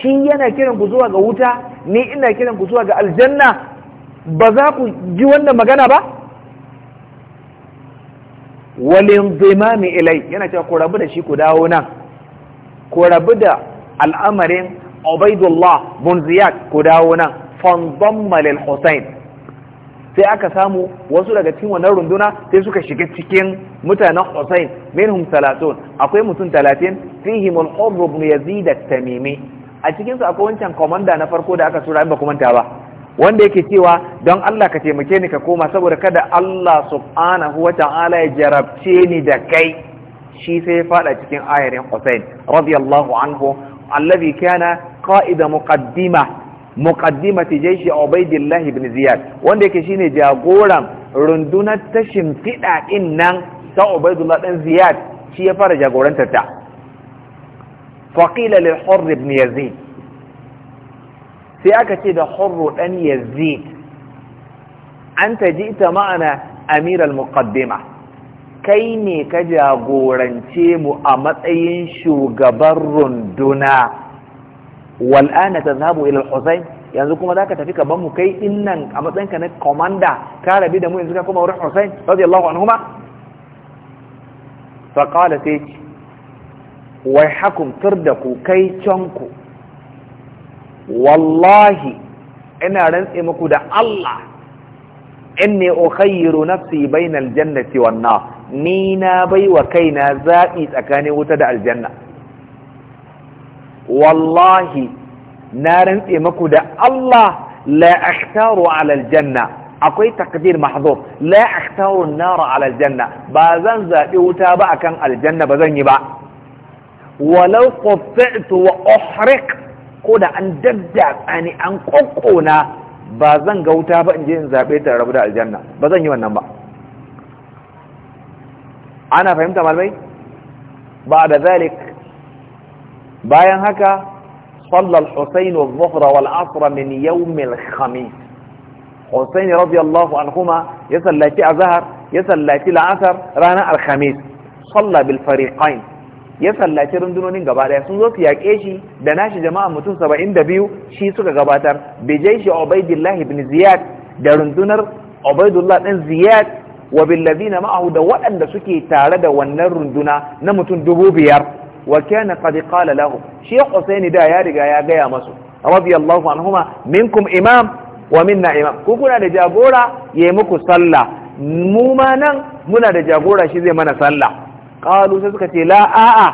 shi yana kiran ku zuwa ga wuta ni ina kiran ku zuwa ga aljanna ba za ku ji wannan magana ba walinzimami ilai yana cewa ku rabu da shi ku dawo nan ku rabu da al'amarin Ubaidullah bin Ziyad ku dawo nan fanzamma lil Hussein sai aka samu wasu daga cikin wannan runduna sai suka shiga cikin mutanen Hussein minhum 30 akwai mutum 30 fihim al-Hurr ibn Yazid at-Tamimi a cikin su akwai wancan komanda na farko da aka tura ba kuma ta ba wanda yake cewa don Allah ka taimake ni ka koma saboda kada Allah subhanahu wata'ala ya jarabce ni da kai shi sai ya fada cikin ayarin Hussein radiyallahu anhu alladhi kana قائد مقدمة مقدمة جيش عبيد الله بن زياد وان ديكي شيني جاغورا رندونا تشمفئة إنن تا عبيد الله بن زياد شي يفار جاغورا تتا فقيل للحر بن يزيد سيأكا تيدا حر أن يزيد أنت جئت معنا أمير المقدمة kai ne ka jagorance mu a matsayin shugaban runduna wal'ana tazhabu ila al yanzu kuma zaka tafi ka mu kai dinnan a matsayinka ka na commander ka rabi da mu yanzu ka kuma wurin husayn radiyallahu anhuma fa qala sai wai hakum ku kai canku wallahi ina rantse muku da Allah inni ukhayyiru nafsi bainal jannati wan nar ni na baiwa kaina zabi tsakanin wuta da aljanna wallahi na rantse maku da Allah la akhtaru ala aljanna akwai takdir mahzuf la akhtaru an-nar ala aljanna ba zan zabi wuta ba akan aljanna ba zan yi ba walau qatta'tu wa uhriq ko da an dadda tsani an kokkona ba zan ga wuta ba in je in zabe ta rabu da aljanna ba zan yi wannan ba ana fahimta malamai ba da zalik bayan haka sallal husayn adh-dhuhra wal asr min yawm al-khamis husayn radiyallahu anhuma ya sallati azhar ya sallati al-asr ranar al-khamis salla bil ya sallaci rundunonin gaba daya sun zo su yaƙe shi da nashi jama'a mutum 72 shi suka gabatar bijai shi ubaidillahi ibn ziyad da rundunar ubaidullah din ziyad wa bil ladina ma'ahu da waɗanda suke tare da wannan runduna na mutum dubu biyar wa kana qad qala lahu shaykh Husaini da ya riga ya gaya masu radiyallahu anhuma minkum imam wa minna imam ku kuna da jagora yayi muku sallah mu ma nan muna da jagora shi zai mana sallah qalu sai suka ce la a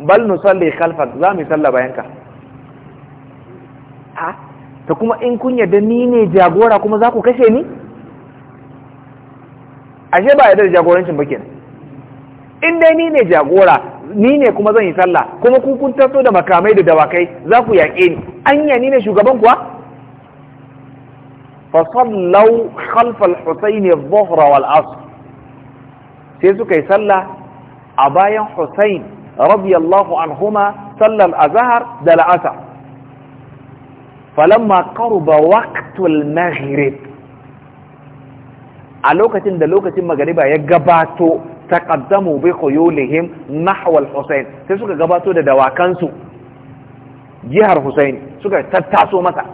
bal nusalli khalfak za mu sallah bayanka ha ta kuma in kun yadda ni ne jagora kuma za ku kashe ni ashe ba yarda da jagorancin ba kenan in dai ni ne jagora ni ne kuma zan yi sallah kuma ku kun taso da makamai da dawakai za ku yaƙe ni anya ni ne shugaban kuwa fa sallau khalf al-husayn adh-dhuhr wal-'asr sai suka yi sallah a bayan Husayn radiyallahu anhuma sallar azhar da al-'asr falamma qaruba waqtul maghrib a lokacin da lokacin magariba ya gabato taqaddamu bi khuyulihim nahwa al-husayn sai suka gabato da dawakansu jihar husayn suka tattaso masa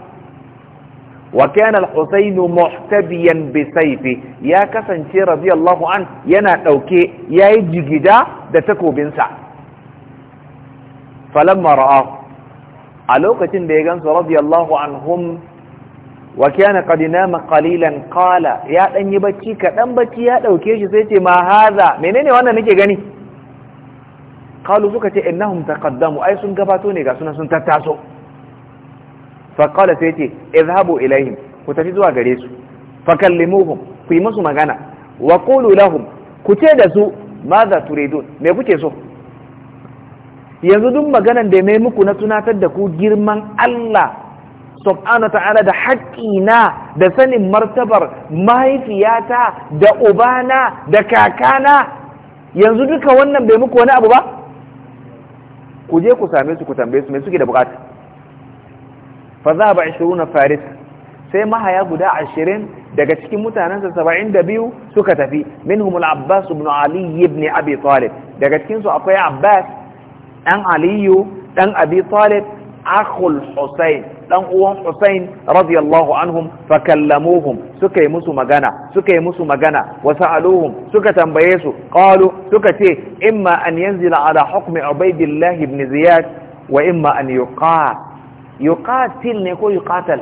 wa kana al-husayn muhtabiyan bi sayfi ya kasance radiyallahu an yana dauke yayi jigida da takobinsa falamma ra'a a lokacin da ya gansu radiyallahu anhum wa kana qad nama qalilan qala ya dan yi bacci dan bacci ya dauke shi sai ce ma haza menene wannan nake gani qalu suka ce innahum taqaddamu ai sun gabato ne ga sunan sun tattaso fa qala sai ce izhabu ilaihim ku tafi zuwa gare su fa kallimuhum ku yi musu magana wa qulu lahum ku ce da su madha turidun me kuke so yanzu duk maganan da mai muku na tunatar da ku girman Allah subhanahu ta'ala da haƙƙina da sanin martabar mahaifiyata da ubana da kakana yanzu duka wannan bai muku wani abu ba ku je ku same su ku tambaye su mai suke da bukata fa za ba 20 faris sai mahaya guda 20 daga cikin mutanensa 72 suka tafi Min al-abbas ibn ali ibn abi talib daga cikin su akwai abbas dan aliyu dan abi talib akhul husayn dan uwan Hussein radiyallahu anhum fakallamuhum suka yi musu magana suka yi musu magana wa sa'aluhum suka tambaye su qalu suka ce imma an yanzila ala hukmi Ubaydillah ibn Ziyad wa imma an yuqa yuqatil ne ko yuqatal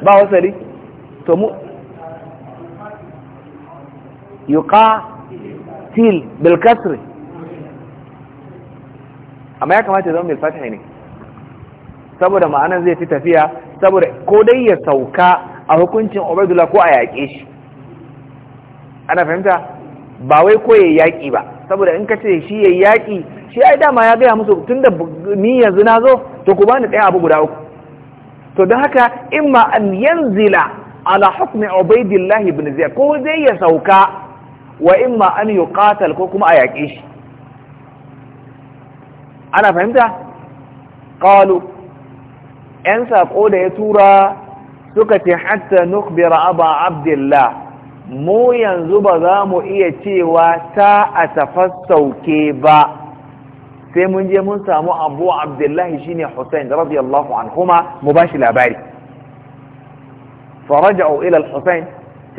ba wasali to mu yuqa til bil kasri amma ya kamata ya zama mai fatihi ne saboda ma'anan zai fi tafiya saboda ko dai ya sauka a hukuncin obadula ko a yaƙe shi ana fahimta ba wai ko ya yaƙi ba saboda in ka ce shi ya yaƙi shi ai dama ya gaya musu tun da ni yanzu na zo to ku bani ɗaya abu guda uku to don haka in ma an yanzila ala hukmi obadula ibn ziyar ko zai ya sauka wa in ma an yi ko kuma a yaƙe shi ana fahimta qalu yan sako da ya tura suka ce hatta nukbira abdullah mu yanzu ba za mu iya cewa ta a tafasauke ba sai mun je mun samu abu abdullahi shine hussein radiyallahu anhuma mu ba shi labari faraja'u ila al sai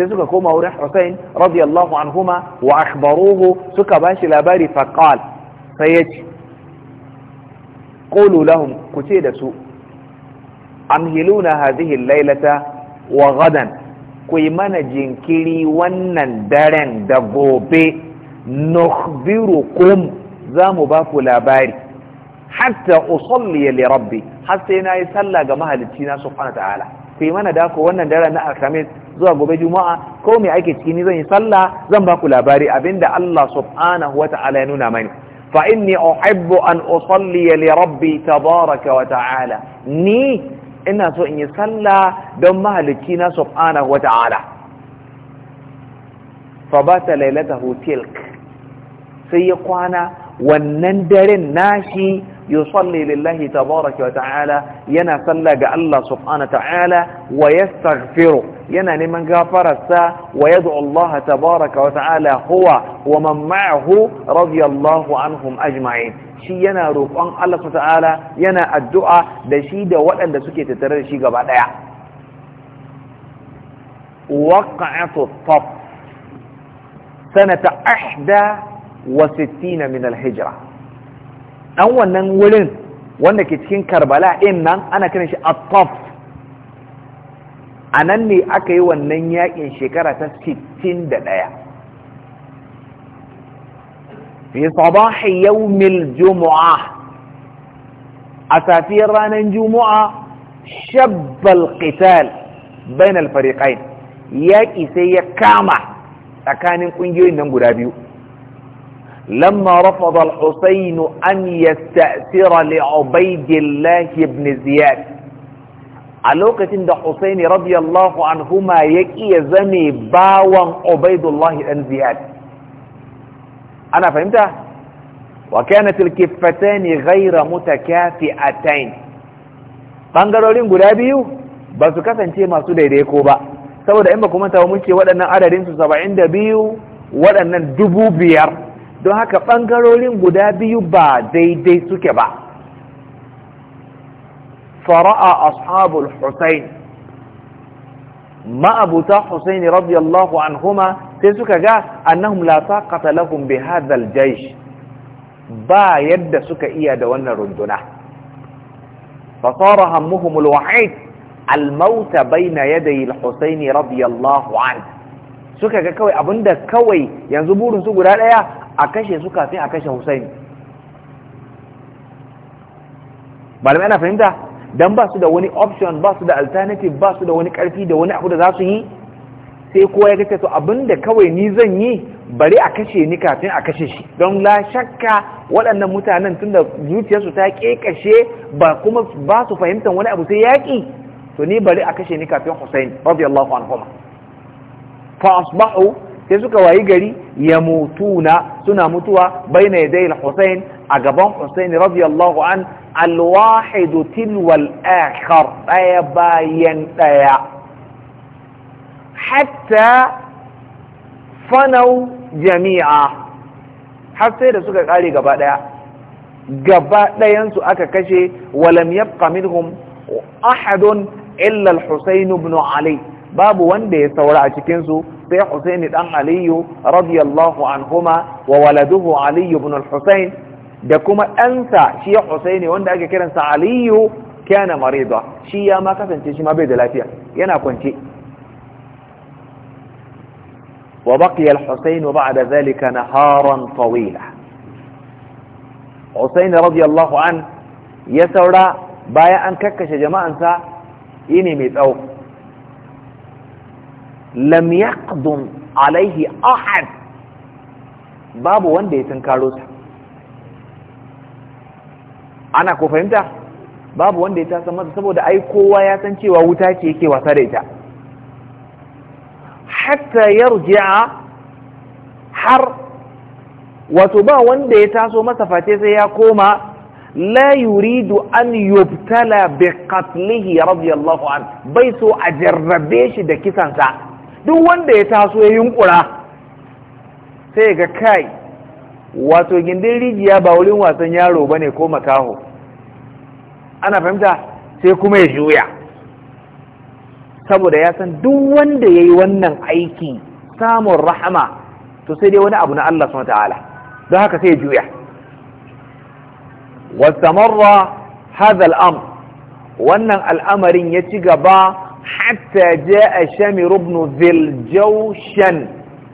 suka koma wurin husayn radiyallahu anhuma wa akhbaruhu suka ba shi labari faqal sai yace qulu lahum ku ce da su amhiluna hadhihi laylata wa gadan ku yi mana jinkiri wannan daren da gobe nukhbirukum za mu labari hatta usalli rabbi har sai na yi sallah ga mahalicci na mana dako wannan daren na alhamis zuwa gobe juma'a ko me ake ciki ni zan yi sallah zan ba labari abinda Allah subhanahu ya nuna mani فإني أحب أن أصلي لربي تبارك وتعالى ني إنا سوء إن يصلى دم مهلكينا سبحانه وتعالى فبات ليلته تلك سيقوانا ونندر ناشي يصلي لله تبارك وتعالى ينا صلى الله سبحانه وتعالى ويستغفر ينا لمن غفر السا ويدعو الله تبارك وتعالى هو ومن معه رضي الله عنهم أجمعين شي ينا رقان الله سبحانه وتعالى ينا الدعاء دشيد وأن دسكي تترد شي قبعد وقعة الطب سنة أحدى وستين من الهجرة dan wannan wurin wanda ke cikin karbala ɗin nan ana kiran shi attaf a nan ne aka yi wannan yakin shekara ta 61 fi sabahi yawmil jumu'a a safiyar ranar jumu'a shabbal qital bainal fariqain yaƙi sai ya kama tsakanin ƙungiyoyin nan guda biyu لما رفض الحسين أن يستأثر لعبيد الله بن زياد علوقة عند حسين رضي الله عنهما يكي زني باوا عبيد الله بن زياد أنا فهمت وكانت الكفتان غير متكافئتين قنقروا لهم قلابيو بس كفا انتهي ما سوده ديكوبا سوى دائما كمان تاومنشي ودنا عددين سبعين دبيو ودنا دبو بيار don haka ɓangarorin guda biyu ba daidai suke ba fara'a ashabul husain ma'abuta husaini radiyallahu anhuma sai suka ga annahum la taqata lahum bi hadha jaysh ba yadda suka iya da wannan runduna fa sara hammuhum al-wahid al-maut bayna yaday al-husaini radiyallahu anhu suka ga kawai abinda kawai yanzu burin su guda daya a kashe su kafin a kashe Hussaini malamai ana fahimta dan ba su da wani option ba su da alternative ba su da wani karfi da wani abu da za su yi sai kowa ya kace to abinda kawai ni zan yi bari a kashe ni kafin a kashe shi don la shakka waɗannan mutanen tunda zuciyarsu ta kekashe ba kuma ba su fahimtar wani abu sai yaƙi to ni bari a kashe ni kafin Hussein radiyallahu anhu fa asbahu sai suka wayi gari ya mutuna suna mutuwa baina yadai al-Husayn a gaban Husayn radiyallahu an alwahidu wahidu tilwal akhar daya bayan daya hatta fanau jami'a har sai da suka kare gaba daya gaba dayansu su aka kashe walam yabqa minhum ahadun illa al-Husayn ibn Ali babu wanda ya saura a cikin su sai Husaini dan Aliyu radiyallahu anhuma wa waladuhu Aliyu ibn al-Husayn da kuma ɗansa shi Husaini wanda ake kiransa Aliyu kana marida shi ya ma kasance shi ma bai da lafiya yana kwance wa baqiya al-Husayn ba'da zalika naharan tawila Husaini radiyallahu an ya saura bayan an kakkashe jama'ansa yini mai tsawo lam yaqdum alaihi ahad babu wanda ya tunkaro ta ana ko fahimta babu wanda ya tasa masa saboda ai kowa ya san cewa wuta ce yake wasa da ita hatta yarji'a har wato ba wanda ya taso masa face sai ya koma la yuridu an yubtala bi qatlihi radiyallahu an bai so a jarrabe shi da kisansa duk wanda ya taso ya yunkura sai ga kai wato gindin rijiya ba wurin wasan yaro ba ne ko makaho ana fahimta sai kuma ya juya saboda ya san duk wanda ya yi wannan aiki samun rahama to sai dai wani abu na Allah su ta'ala don haka sai ya juya wasu hadha am wannan al'amarin ya ci gaba hatta a shamir ibn ziljawshan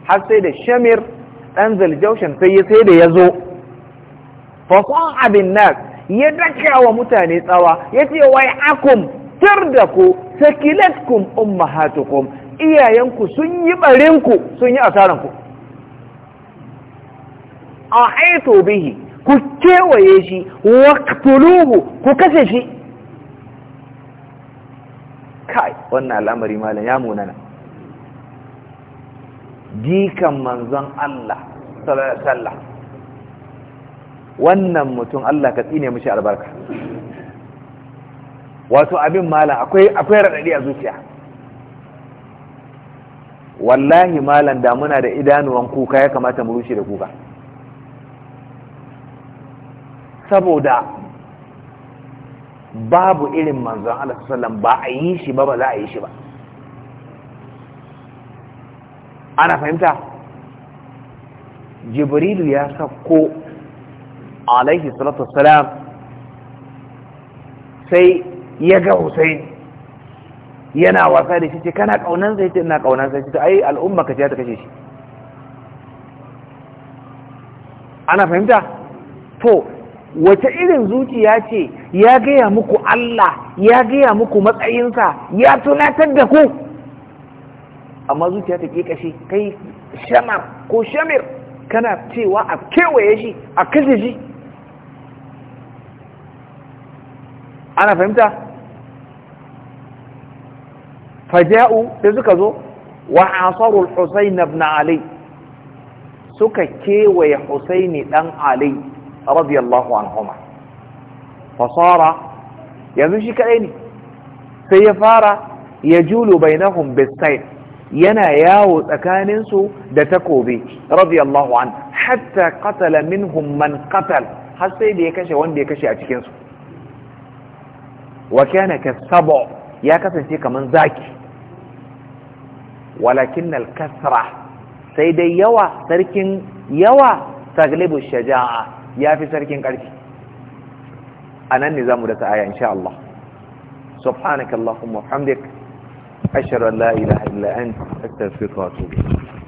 har sai da shamir dan ziljawshan sai ya sai da yazo zo. sa'a bin nas ya daka wa mutane tsawa yace wai akum tur da ku sakilatkum ummahatukum iyayenku sun yi barinku sun yi asaranku a aito bihi ku kewaye shi waqtuluhu ku kashe shi kai wannan al'amari malam ya munana jikan manzon Allah sallallahu wannan mutum Allah ka tsine mishi albarka wato abin malam akwai akwai radadi a zuciya wallahi malam da muna da idanuwan kuka ya kamata mu rushe da kuka saboda babu irin manzon Allah sallam ba a yi shi ba ba za a yi shi ba ana fahimta jibrilu ya sako alaihi salatu wassalam sai ya ga husain yana wasa da shi ce kana kaunan sai ce ina kaunan sai ce ai al'umma ka ce ta kashe shi ana fahimta to wace irin zuciya ce ya gaya muku Allah ya gaya muku matsayinsa ya tunatar da ku amma zuciya ta ke kashe kai shamar ko shamir kana cewa a kewaye shi a kashe shi ana fahimta faja'u da suka zo wa asarul husain ibn ali suka kewaye husaini dan ali radiyallahu anhuma fasara yanzu shi kadai ne sai ya fara ya julu bainahum bisayf yana yawo tsakanin su da takobi radiyallahu an hatta qatala minhum man qatal har sai da ya kashe wanda ya kashe a cikin su wa kana kasaba ya kasance kaman zaki walakin al-kasra sai dai yawa sarkin yawa taglibu shaja'a ya fi sarkin ƙarfi anan ne zamu dasa aya insha Allah subhanakallahumma wa hamdik ashhadu an la ilaha illa anta astaghfiruka wa atubu